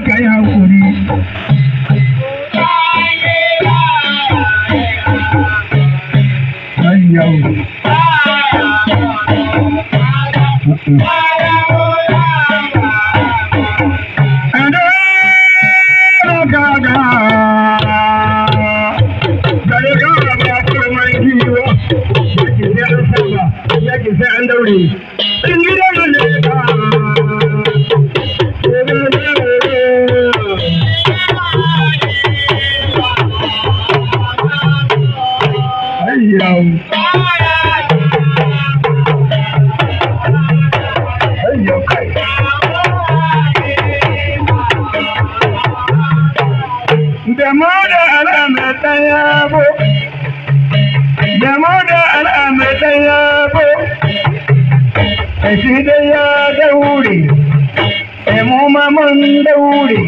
ka yi haƙuri Thank you. yaabo eside ya dawuri emuma mon dawuri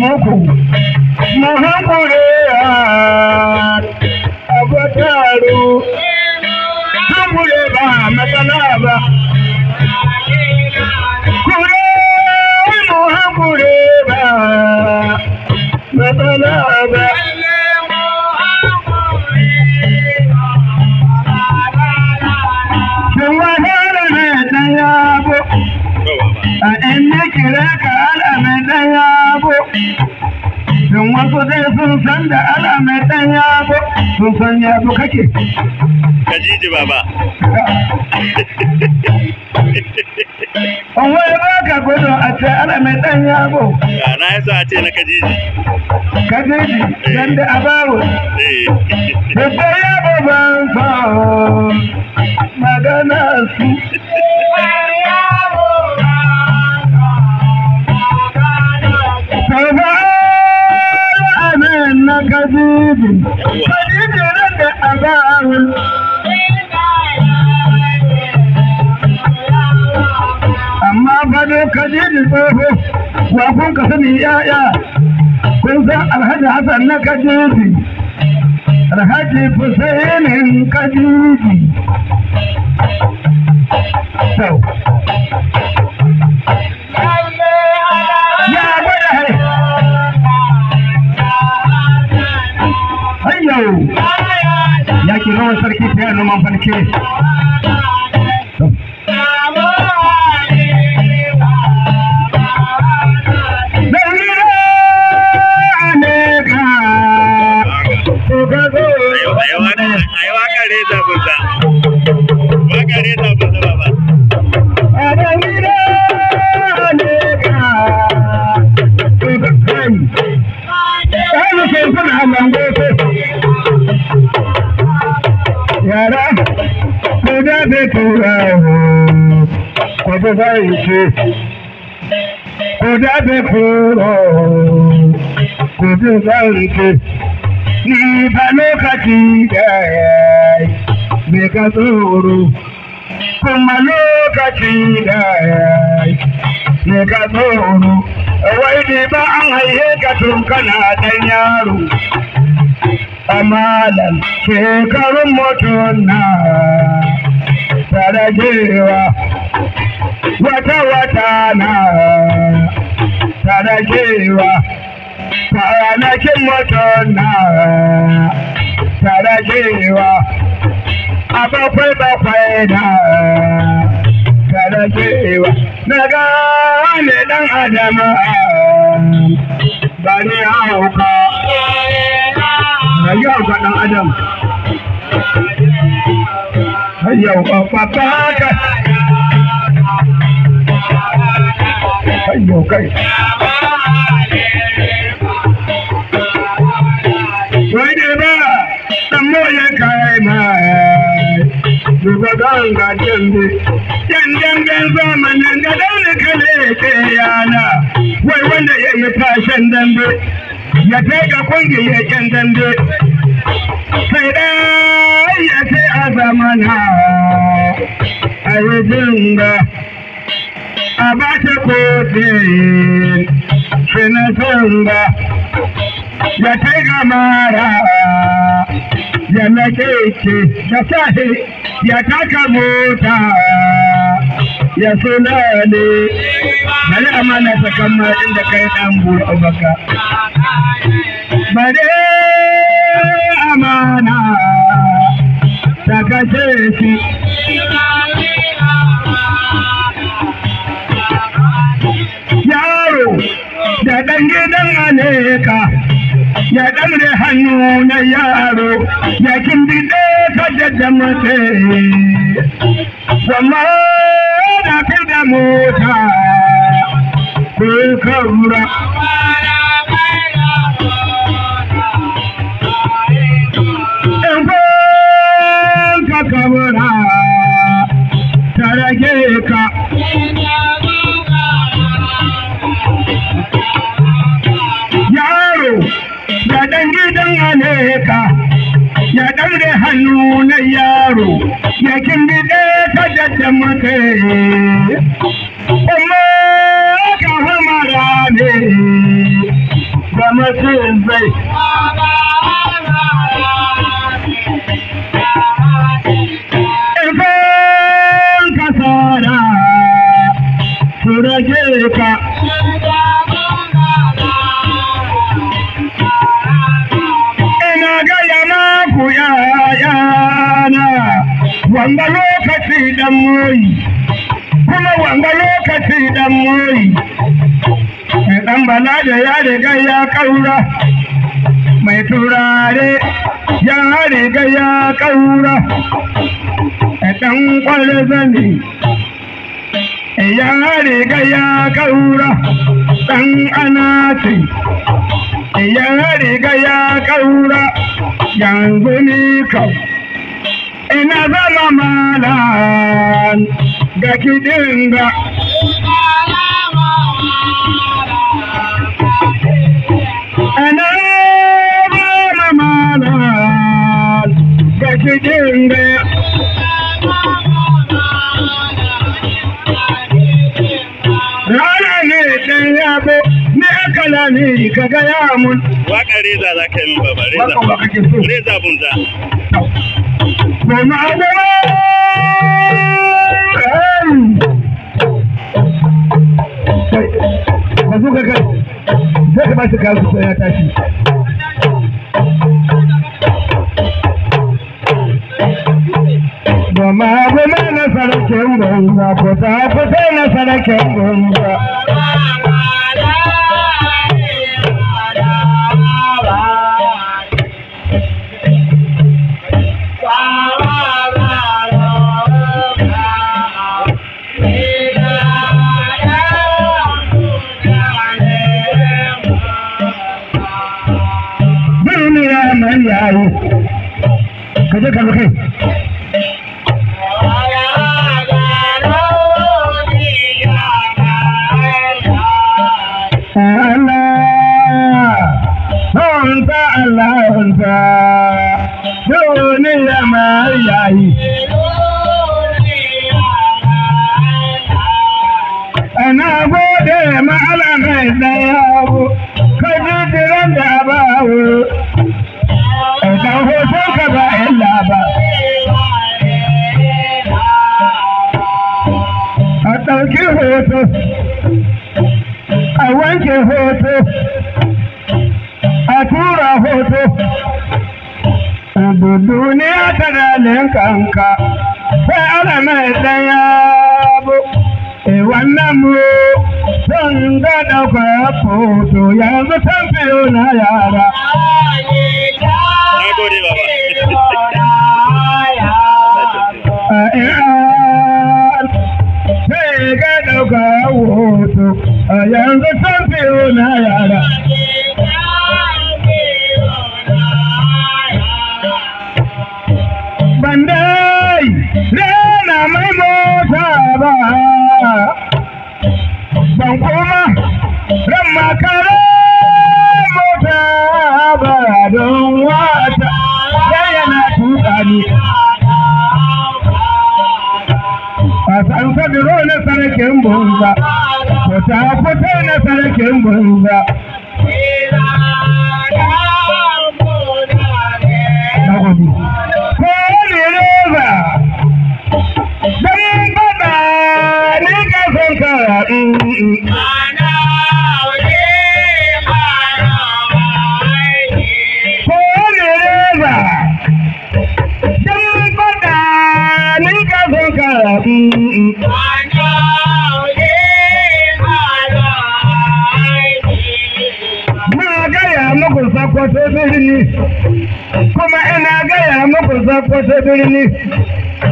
muku muhakure abataru tumule ba matanaba kure muhakure ba matanaba da mai ɗan sun san kake kajiji baba wai ba ka gudu a ce ala mai ɗan ah, na yasa a ce na da eh. ban sa magana su عزيز قد جلد أباه amma fado ka je da wa kun ka sani yaya kun san alhaji hassan na kajiji alhaji fusainin I'm mafanikio. yara ko da bai tura ko da bai ce ko da bai kuro ko da bai ce ni ba lokaci da me ka tsoro kuma lokaci da me ka tsoro wai ne ba an haihe ka tun kana dan yaro amalan shekarun mutum na tarajewa wata wata na tarajewa kwanakin mutum na tarajewa a bakwai bakwai na tarajewa na gane dan adama adam yau babba ka yau kai wani ba dan moye kai mai duba dan ga ganga dan dan damben zamanin ga dan kale ke yana wai wanda yayi fashion dan dambe ya taiga kungiyar yan dambe Faɗa ya ce a zamana a yi a ba ta kotun finafin ba ya kai ga mara ya laƙe da sahi ya taka mota ya suna ne bari amana ta kama da kai ɗan buɗe baka. amana ta kashe yaro da ɗan gidan aleka ya ɗaure hannu na yaro ya kimbide ka da jamate zama da fi da mota ko kaura da ɗan gidan Amerika ya ɗaure hannu na yaro ya kimbi ɗaya ta maka yi kuma ka hamara ne ga masu zai da ya riga ya ƙaura mai turare ya riga ya ƙaura ɗan ƙwarar zane ya riga ya ƙaura ɗan anati ya riga ya ƙaura yanzu ni kau ina zama malam ga kidin cikin gaya Rana ne ɗan ne mun. Waka reza za ka yi min baba reza. Reza bunza. Mama zo ka zai ba shi kasu sai ya tashi. gunga kusa kusa na sarakin gunga Kaje kaje kai. Allahunsa duniya ma yayi. Ana gode ma Allah mai tsayawo, ka ji jiran da bawo, ɗan hoto ka ba illa ba. A ɗauki hoto, a wanke hoto. duniya ta dalin kanka sai ana mai tsaya bu e wannan mu zan ga ɗauka foto yanzu san fiyo na yara Sai ga ɗauka hoto a yanzu san fiyo na yara. bandai na mai mota ba ban kuma ran makare mota ba don wata yana tuka ni a san sadiro na sarkin bunza ko ta fito na sarakin bunza sakwato birni kuma ina gaya muku sakwato birni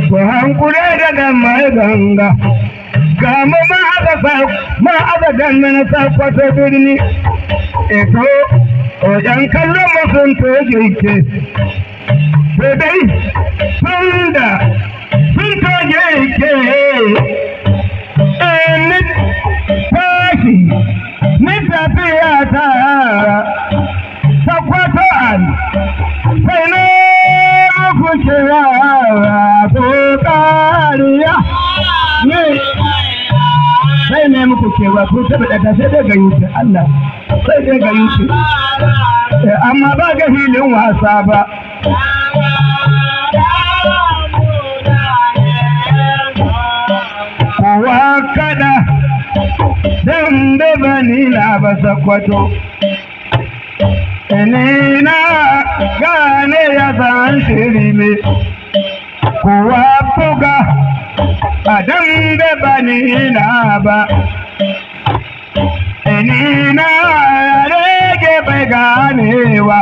ku hankula daga mai ganga gamu ma aka ma aka ganna na sakwato birni eto wajen kallon mutum to girke to dai tun da sun to girke eh, ku ta bada sai dai Allah sai dai eh, ba ga filin wasa ba kowa kada na ba sakwato eh, ni na gane ya san shiri ne kowa buga a dan ba bani na ba ina rage bai ganewa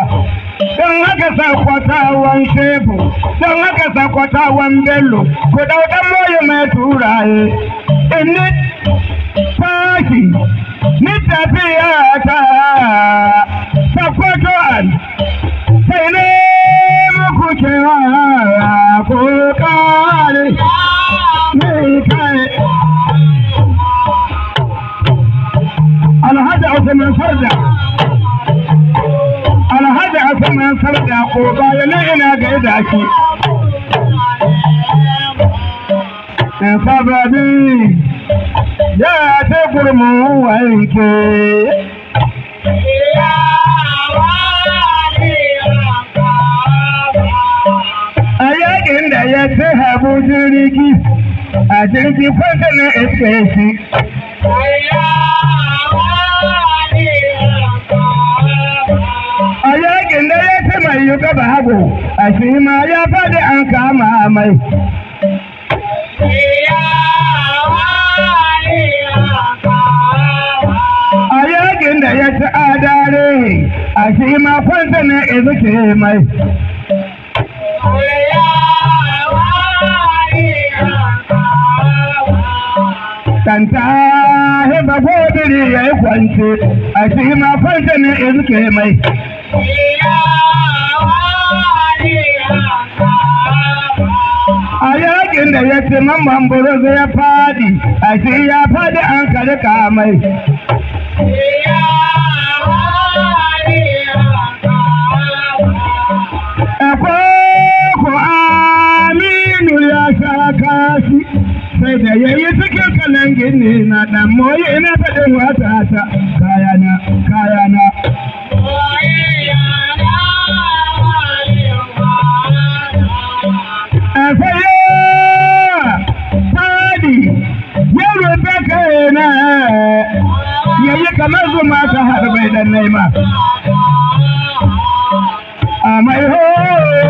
don haka sakwatawan shefu don haka sakwatawan bello ku ɗauɗan moyi mai turaye in ni ni tafiya ta sakwato an sai ne muku cewa عثمان فردا الهدى عثمان فردا قوبا يلعنا قيداكي سببي يا تقرمو وينكي yakin da ya ci habu jirgi a jirgi kwanta na iskesi ka ba hagu a shi ma ya faɗi an kama mai. A yakin da ya ci adare a shi ma kwanta na izuke mai. Kanta hiba ko biri ya yi kwance a shi ma kwanta na izuke mai. da ya ci mamman buruz ya fadi a shi ya fadi an karka mai Ko aminu ya sha kashi sai da ya yi cikin kalan gini na ɗan moye na faɗin wata ta kayana kayana kamar zuma ka harbai da naima a mai ho